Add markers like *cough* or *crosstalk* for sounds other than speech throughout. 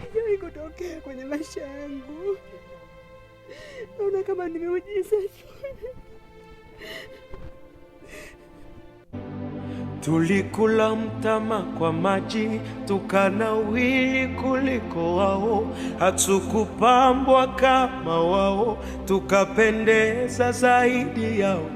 haijawahi kutokea kwenye maisha yangu. Naona kama nimeujiza. Tulikula mtama kwa maji, tukanawili kuliko wao. Hatukupambwa kama wao, tukapendeza zaidi yao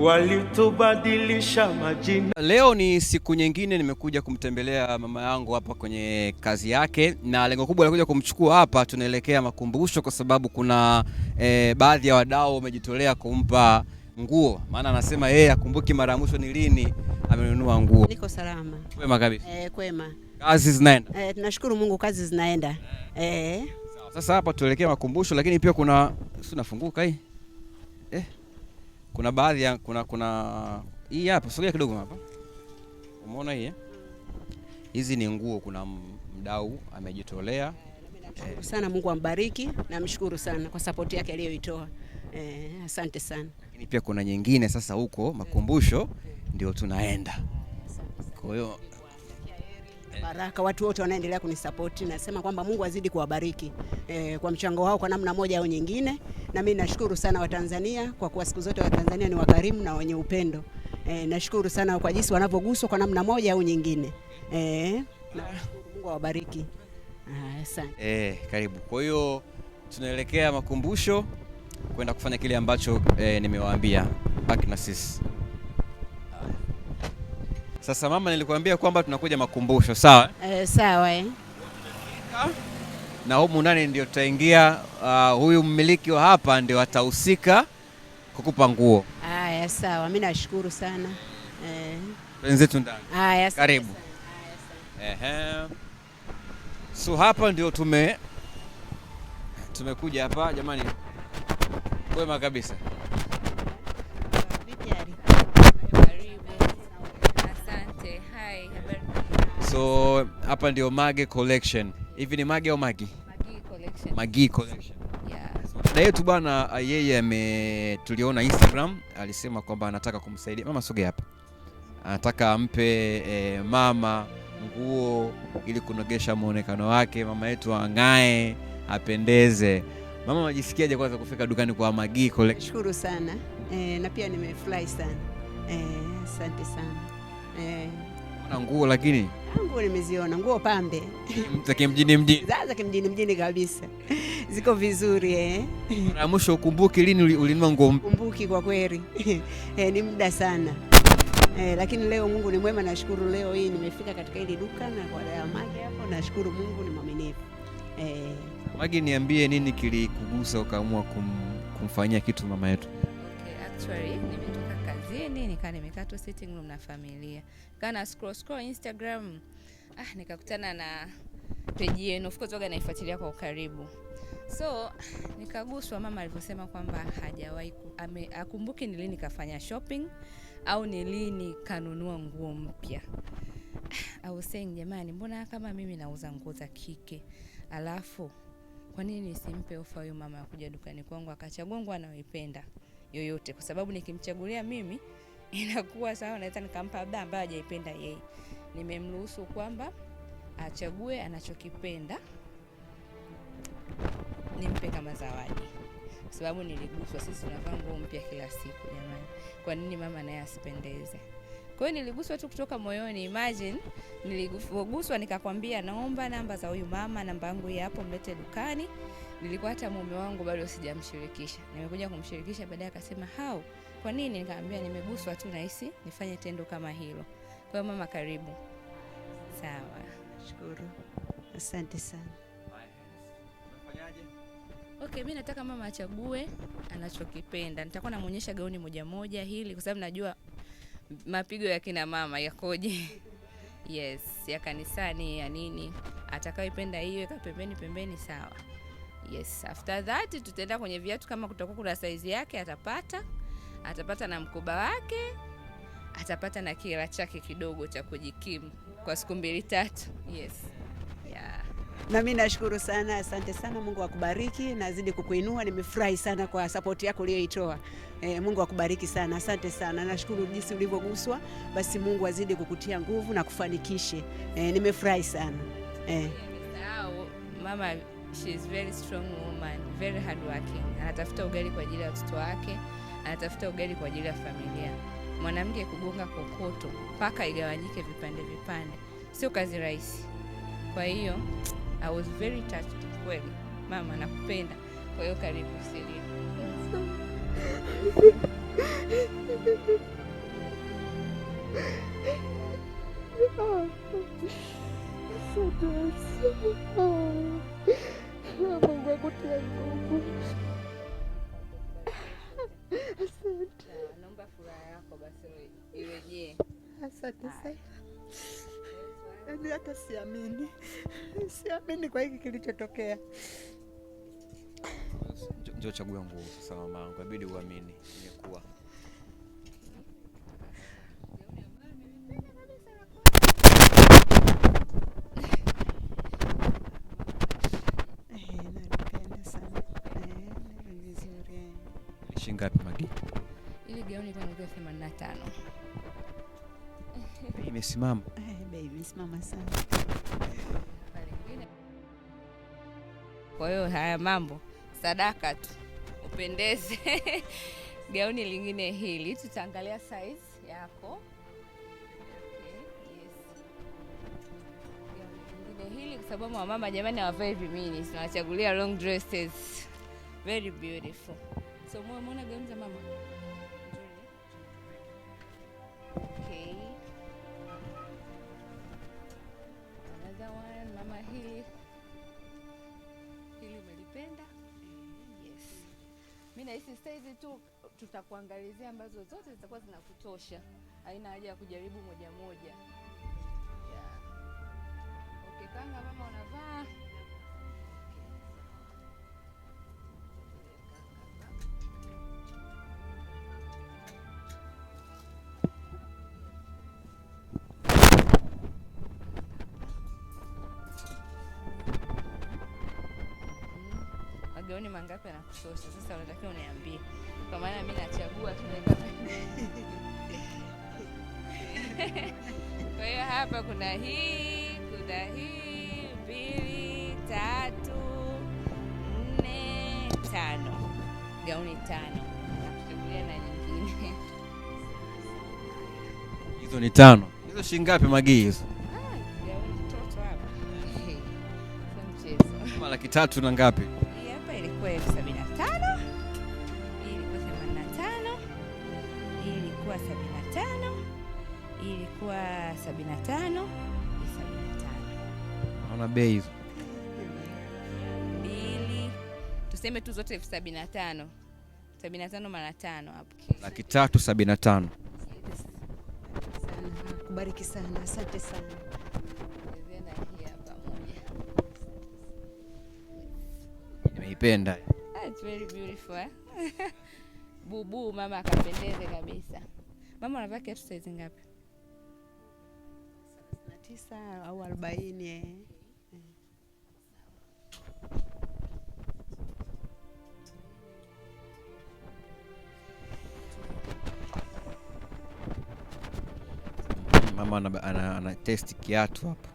walitubadilisha majina. Leo ni siku nyingine nimekuja kumtembelea mama yangu hapa kwenye kazi yake, na lengo kubwa la kuja kumchukua hapa, tunaelekea makumbusho kwa sababu kuna e, baadhi ya wadau wamejitolea kumpa nguo, maana anasema yeye akumbuki mara ya mwisho ni lini amenunua nguo. Niko salama. Kwema kabisa. Eh, kwema. Kazi zinaenda. Eh, tunashukuru Mungu kazi zinaenda. Eh. Sasa hapa tuelekea makumbusho, lakini pia kuna si nafunguka hii. Eh kuna baadhi ya kuna kuna hii hapa, sogea kidogo hapa, umeona hii eh? hizi ni nguo. Kuna mdau amejitolea eh. sana Mungu ambariki, namshukuru sana kwa sapoti yake aliyoitoa eh, asante sana. Lakini pia kuna nyingine sasa huko makumbusho ndio tunaenda, kwa hiyo baraka, watu wote wanaendelea kunisapoti. Nasema kwamba Mungu azidi kuwabariki e, kwa mchango wao kwa namna moja au nyingine, na mimi nashukuru sana Watanzania kwa kuwa siku zote Watanzania ni wakarimu na wenye upendo e, nashukuru sana kwa jinsi wanavyoguswa kwa namna moja au nyingine e, na Mungu awabariki. Asante. Eh, karibu. Kwa hiyo tunaelekea makumbusho kwenda kufanya kile ambacho e, nimewaambia. Baki na sisi. Sasa mama, nilikuambia kwamba tunakuja makumbusho, sawa eh? Sawa eh. Na humu ndani ndio tutaingia. Uh, huyu mmiliki wa hapa ndio atahusika kukupa nguo. aya sawa. Mimi nashukuru sana eh. Wenzetu ndani. sawa. karibu. Ehe. So hapa ndio tume tumekuja hapa, jamani, wema kabisa. So hapa ndio Mage Collection. Hivi ni Mage au Magi? Magi Collection. Magi Collection. Yeah. So, dada yetu bwana yeye ame tuliona Instagram alisema kwamba anataka kumsaidia mama, soge hapa, anataka ampe eh, mama nguo ili kunogesha muonekano wake, mama yetu ang'ae, apendeze. Mama unajisikiaje kwanza kufika dukani kwa Magi Collection? Shukuru sana e, na pia nimefurahi sana eh, asante sana e na nguo lakini ah, nguo nimeziona, nguo pambe *laughs* za kimjini mjini, za kimjini mjini kabisa, ziko vizuri eh. mwisho ukumbuki lini ulinua nguo? Kumbuki kwa kweli *laughs* eh, ni muda sana eh, lakini leo Mungu ni mwema, nashukuru leo hii nimefika katika hili duka na kwa Magi hapo, nashukuru Mungu ni mwaminifu eh. Magi, niambie nini kilikugusa ukaamua kum, kumfanyia kitu mama yetu? Okay, actually nimetoka kazini, nikaa nimekaa tu sitting room na familia, kana scroll scroll Instagram, ah, nikakutana na peji yenu, of course waga naifuatilia kwa ukaribu, so nikaguswa mama alivyosema kwamba hajawahi akumbuki ni lini kafanya shopping au ni lini kanunua nguo mpya. Ah, I was saying jamani, mbona kama mimi nauza nguo za kike alafu kwa nini nisimpe ofa huyo mama ya kuja dukani kwangu akachagua nguo anayoipenda? yoyote, kwa sababu nikimchagulia mimi *laughs* inakuwa sawa, naweza nikampa labda ambaye hajaipenda yeye. Nimemruhusu kwamba achague anachokipenda nimpe kama zawadi, kwa sababu niliguswa. Sisi tunavaa nguo mpya kila siku jamani, kwa nini mama naye asipendeze? Kwa hiyo niliguswa tu kutoka moyoni. Imagine niliguswa nikakwambia, naomba namba za huyu mama, namba yangu hapo, mlete dukani nilikuwa hata mume wangu bado sijamshirikisha, nimekuja kumshirikisha baadaye, akasema hao, kwa nini? Nikamwambia nimeguswa tu, nahisi nifanye tendo kama hilo. Kwa hiyo mama, karibu. Sawa, shukuru, asante sana. Okay, mimi nataka mama achague anachokipenda. Nitakuwa namwonyesha gauni moja moja hili, kwa sababu najua mapigo ya kina mama yakoje. *laughs* Yes, ya kanisani ya nini, atakayoipenda hiyo, ika pembeni pembeni, sawa. Yes, after that tutaenda kwenye viatu, kama kutakuwa kuna size yake atapata, atapata na mkoba wake, atapata na kila chake kidogo cha kujikimu kwa siku mbili tatu. Yes. Yeah. Na mimi nashukuru sana, asante sana. Mungu akubariki, nazidi kukuinua. Nimefurahi sana kwa sapoti yako uliyoitoa. E, Mungu akubariki sana, asante sana. Nashukuru jinsi ulivyoguswa, basi Mungu azidi kukutia nguvu na kufanikishe. E, nimefurahi sana e. Mama she is very strong woman, very working. Anatafuta ugali kwa ajili ya watoto wake, anatafuta ugali kwa ajili ya familia. Mwanamke kugonga kokoto mpaka igawanyike vipande vipande sio kazi rahisi. Kwa hiyo I was very touched kweli. Mama nakupenda, kwa hiyo karibu Selina. Mungu akutie nguvu. Asante. Ah, naomba furaha yako basi iwe je. Asante ah. sana. Yaani hata siamini, siamini kwa hiki kilichotokea. Ndio chaguo langu sasa, mama yangu, inabidi uamini imekuwa ngapi Magi? Ile gauni kwa inauzwa 85. Bei imesimama. Eh, bei imesimama sana. Kwa hiyo haya mambo sadaka tu upendeze. *laughs* Gauni lingine hili tutaangalia size yako. hili kwa sababu wamama jamani, hawavai vimini, tunawachagulia long dresses. Very beautiful. So muone na za mama. Okay. Another one, mama hili. Hili umelipenda? Yes. Mimi nahisi sasa hizi tu tutakuangalizia ambazo zote zitakuwa zinakutosha. Haina haja ya kujaribu moja moja. Yeah. Okay, kanga mama unavaa. milioni mangapi anakushosha? Sasa unatakiwa uniambie, kwa maana mimi nachagua tunaweka. *laughs* Kwa hiyo hapa kuna hii, kuna hii mbili, tatu, nne, tano, gauni tano, nakuchagulia na nyingine *laughs* hizo ni tano. Hizo shilingi ngapi Magii hizo? Ah, *laughs* laki tatu na ngapi? ilikuwa sabini na tano ilikuwa themanini na tano ilikuwa sabini na tano ilikuwa sabini na tano sabini na tano naona bei hizo mbili, tuseme tu zote elfu sabini na tano sabini na tano mara tano hapo laki tatu sabini na tano. Kubariki sana, asante sana. unaipenda? It's very beautiful eh? *laughs* Bubu mama akapendeze kabisa. Mama unavaa kiatu size ngapi? 39 au 40 eh. Mama ana, ana, ana test kiatu hapa.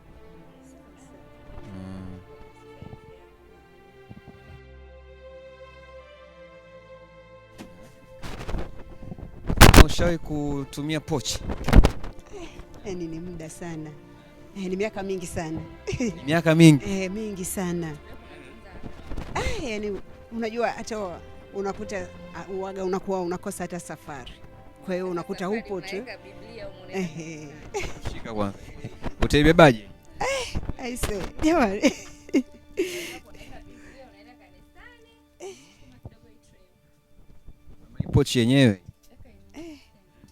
Ushawahi kutumia pochi? Yaani ni muda sana, eh, ni miaka mingi sana miaka mingi eh, mingi sana ah, yani unajua hata unakuta ah, uaga unakuwa unakosa hata safari, kwa hiyo unakuta upo tu shika kwa. utaibebaje? Eh, aise jamani pochi yenyewe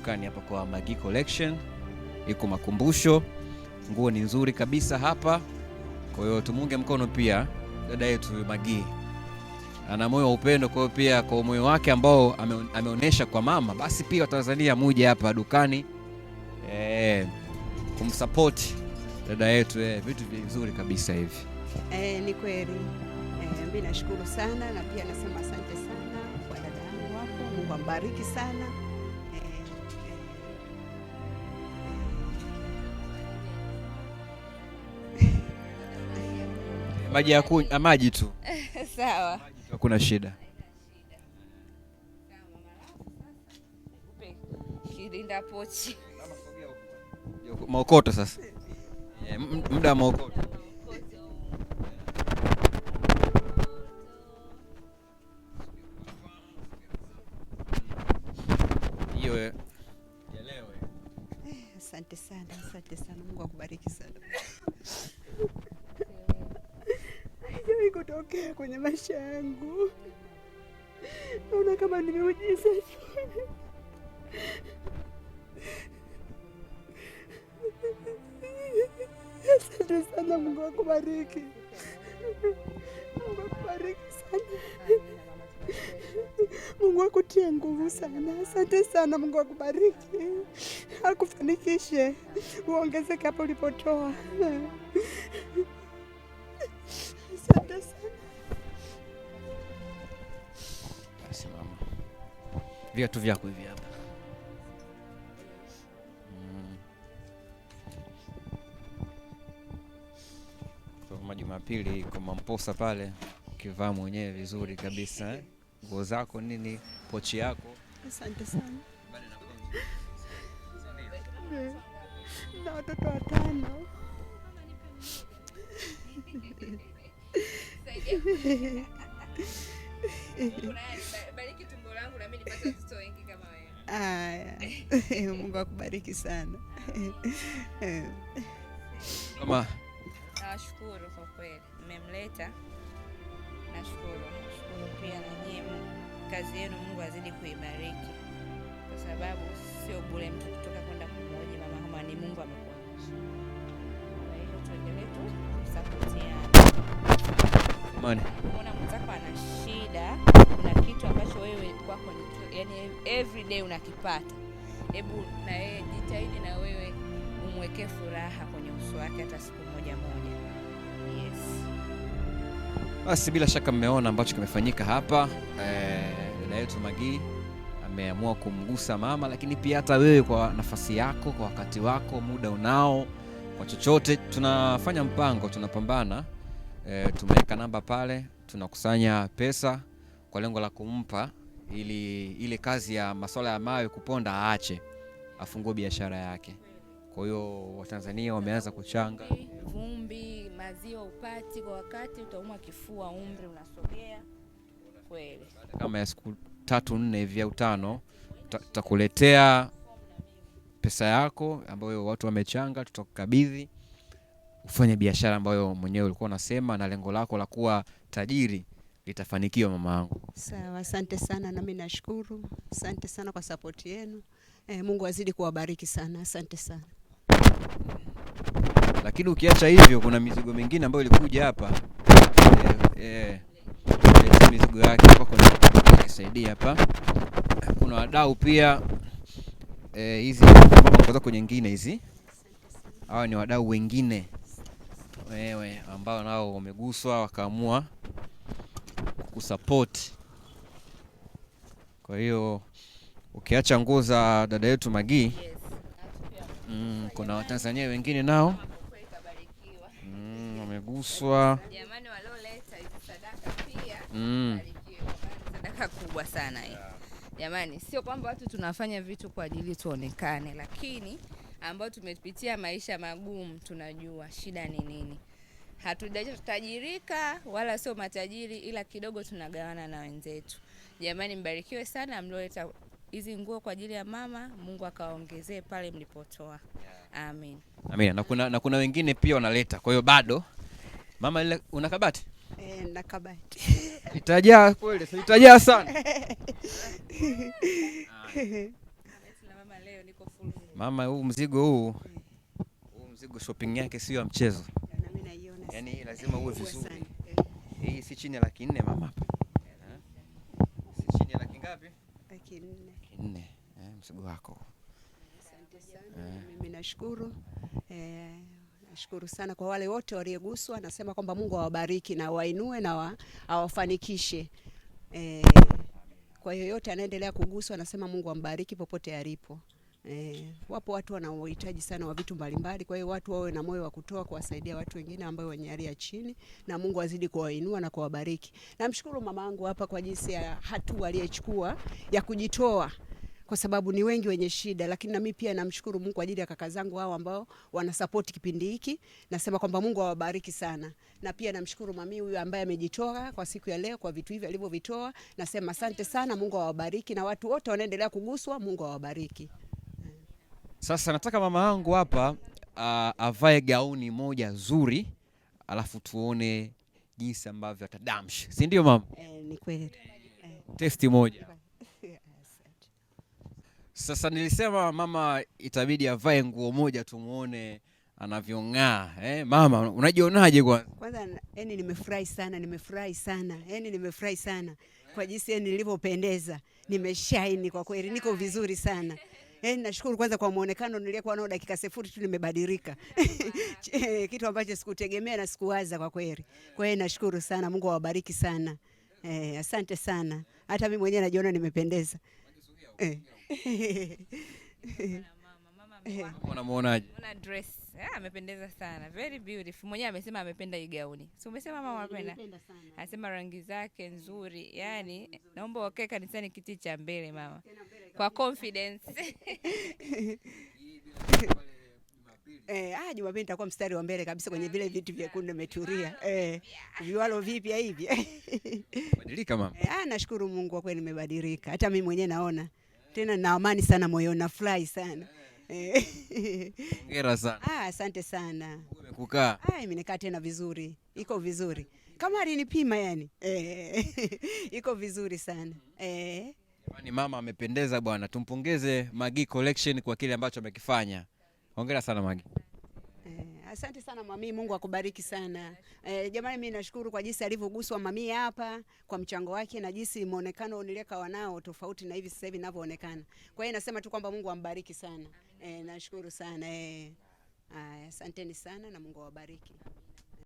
dukani hapa kwa Magi Collection, iko makumbusho. Nguo ni nzuri kabisa hapa, kwa hiyo tumunge mkono pia dada yetu Magi ana moyo wa upendo. Kwa hiyo pia kwa moyo wake ambao ameonyesha kwa mama, basi pia Watanzania muje hapa dukani eh, kumsupport dada yetu eh, vitu vizuri kabisa hivi eh, ni kweli eh, mimi nashukuru sana na pia nasema asante sana kwa dada yangu wako, Mungu ambariki sana. maji ya kunywa, maji tu *laughs* sawa, hakuna shida. Kirinda pochi maokoto sasa, eh, muda maokoto eh. Asante sana, asante sana, Mungu akubariki sana. kutokea kwenye maisha yangu. Naona kama nimeujiza. Asante sana, Mungu akubariki. Mungu akubariki sana. Mungu akutie nguvu sana. Asante sana, Mungu akubariki, akufanikishe, uongezeke hapo ulipotoa. viatu vyako hivi hapa. Mm. Kama Jumapili kwa Mamposa pale, ukivaa mwenyewe vizuri kabisa, eh? nguo zako nini, pochi yako. Asante sana mm. na watoto watano *laughs* *laughs* Mungu akubariki sana. Mama, *laughs* nashukuru kwa kweli mmemleta, nashukuru. Nashukuru pia na nyie, kazi yenu Mungu azidi kuibariki, kwa sababu sio bure mtu kutoka kwenda kumhoji mama kama ni Mungu amekuonyesha. Kwa hiyo tuendelee tu kusapotiana. Ona mwenzako na shida, kuna kitu ambacho wewe kwako, yani everyday unakipata hebu na yeye jitahidi na wewe umwekee furaha kwenye uso wake hata siku moja moja. Yes. Basi bila shaka mmeona ambacho kimefanyika hapa. Eh, dada eh, yetu magi ameamua kumgusa mama, lakini pia hata wewe kwa nafasi yako, kwa wakati wako, muda unao, kwa chochote, tunafanya mpango, tunapambana. e, tumeweka namba pale, tunakusanya pesa kwa lengo la kumpa ili ile kazi ya masuala ya mawe kuponda aache, afungue biashara yake. Kwa hiyo Watanzania wameanza kuchanga. Vumbi, maziwa upati kwa wakati, utaumwa kifua, umri unasogea kweli. Kama ya siku tatu nne hivi au tano tutakuletea pesa yako ambayo watu wamechanga, tutakukabidhi ufanye biashara ambayo mwenyewe ulikuwa unasema na lengo lako la kuwa tajiri litafanikiwa mama yangu. Sawa, asante sana, nami nashukuru. Asante sana kwa sapoti yenu. E, Mungu azidi kuwabariki sana, asante sana. Lakini ukiacha hivyo, kuna mizigo mingine ambayo ilikuja hapa e, e, mizigo yake hapa kuna kisaidia hapa, kuna wadau pia hizi kwa nyingine hizi, hawa ni wadau wengine wewe ambao nao wameguswa wakaamua kusapoti. Kwa hiyo ukiacha nguo za dada yetu Maggie, mm, kuna Watanzania wengine nao mm, wameguswa mm, kubwa sana hii jamani, sio kwamba watu tunafanya vitu kwa ajili tuonekane, lakini ambao tumepitia maisha magumu tunajua shida ni nini hatujatajirika wala sio matajiri, ila kidogo tunagawana na wenzetu. Jamani, mbarikiwe sana mlioleta hizi nguo kwa ajili ya mama. Mungu akawaongezee pale mlipotoa, amin. Amina. Na kuna, na kuna wengine pia wanaleta, kwa hiyo bado mama ile una kabati eh? na kabati *laughs* itajaa kweli, itajaa sana *laughs* mama, huu mzigo huu huu mzigo shopping yake sio ya mchezo yani lazima uwe vizuri. Hii si chini ya laki nne mama hapa. Si chini ya laki ngapi? Laki nne. Eh, msiba wako. Asante sana. Mimi nashukuru. Eh, nashukuru sana kwa wale wote walioguswa, nasema kwamba Mungu awabariki na wainue na awafanikishe. Eh, kwa yoyote anaendelea kuguswa, nasema Mungu ambariki popote alipo. Eh, wapo watu wanaohitaji sana wa vitu mbalimbali. Kwa hiyo watu wawe na moyo wa kutoa kuwasaidia watu wengine ambao wenye hali ya chini, na Mungu azidi kuwainua na kuwabariki. Namshukuru mama yangu hapa kwa jinsi ya hatua aliyechukua ya kujitoa kwa sababu ni wengi wenye shida, lakini nami pia namshukuru Mungu kwa ajili ya kaka zangu hao ambao wanasapoti kipindi hiki. Nasema kwamba Mungu awabariki sana, na pia namshukuru mami huyu ambaye amejitoa kwa siku ya leo kwa vitu hivi alivyovitoa. Nasema asante sana, Mungu awabariki, na watu wote wanaendelea kuguswa, Mungu awabariki. Sasa nataka mama yangu hapa uh, avae gauni moja zuri, alafu tuone jinsi ambavyo atadamsh, si ndio mama? Eh, ni kweli. Eh. Testi moja. *laughs* Sasa nilisema mama itabidi avae nguo moja tumuone anavyong'aa eh, mama unajionaje? Kwanza kwanza, yani nimefurahi sana, nimefurahi sana, yani nimefurahi sana kwa jinsi yani nilivyopendeza, nimeshaini kwa kweli, niko vizuri sana. Eh, nashukuru kwanza kwa muonekano niliyekuwa nao dakika sifuri tu nimebadilika. *laughs* *laughs* Eh, kitu ambacho sikutegemea na sikuwaza kwa kweli. Kwa hiyo nashukuru sana, Mungu awabariki sana. Eh, asante sana. Hata mimi mwenyewe najiona nimependeza. Eh. *laughs* Eh. Ah, amependeza sana. Very beautiful. Mwenyewe amesema amependa hii gauni. Si umesema mama eh, amependa? Anasema rangi zake nzuri. yani naomba wakae kanisani kiti cha mbele mama. Kwa confidence. *laughs* Eh, ah, Jumapili nitakuwa mstari wa mbele kabisa kwenye vile viti vyekundu nimeturia Eh, viwalo vipya hivi. *laughs* Badilika mama. Eh, Ah, nashukuru Mungu kwa kweli nimebadilika. Hata mimi mwenyewe naona. Tena na amani sana moyoni, nafurahi sana. *laughs* Hongera sana. Ah, asante sana. Umekukaa? Ah, mimi nikaa tena vizuri, iko vizuri kama alinipima yani eh, *laughs* iko vizuri sana eh. Jamani, mama amependeza bwana, tumpongeze Magi Collection kwa kile ambacho amekifanya. Hongera sana Magi. Eh, asante sana mami, Mungu akubariki sana eh. Jamani, mimi nashukuru kwa jinsi alivyoguswa mami hapa kwa mchango wake na jinsi muonekano nilieka wanao tofauti na hivi sasa hivi ninavyoonekana. Kwa hiyo nasema tu kwamba Mungu ambariki sana. Eh, nashukuru sana e. Asanteni sana na Mungu awabariki.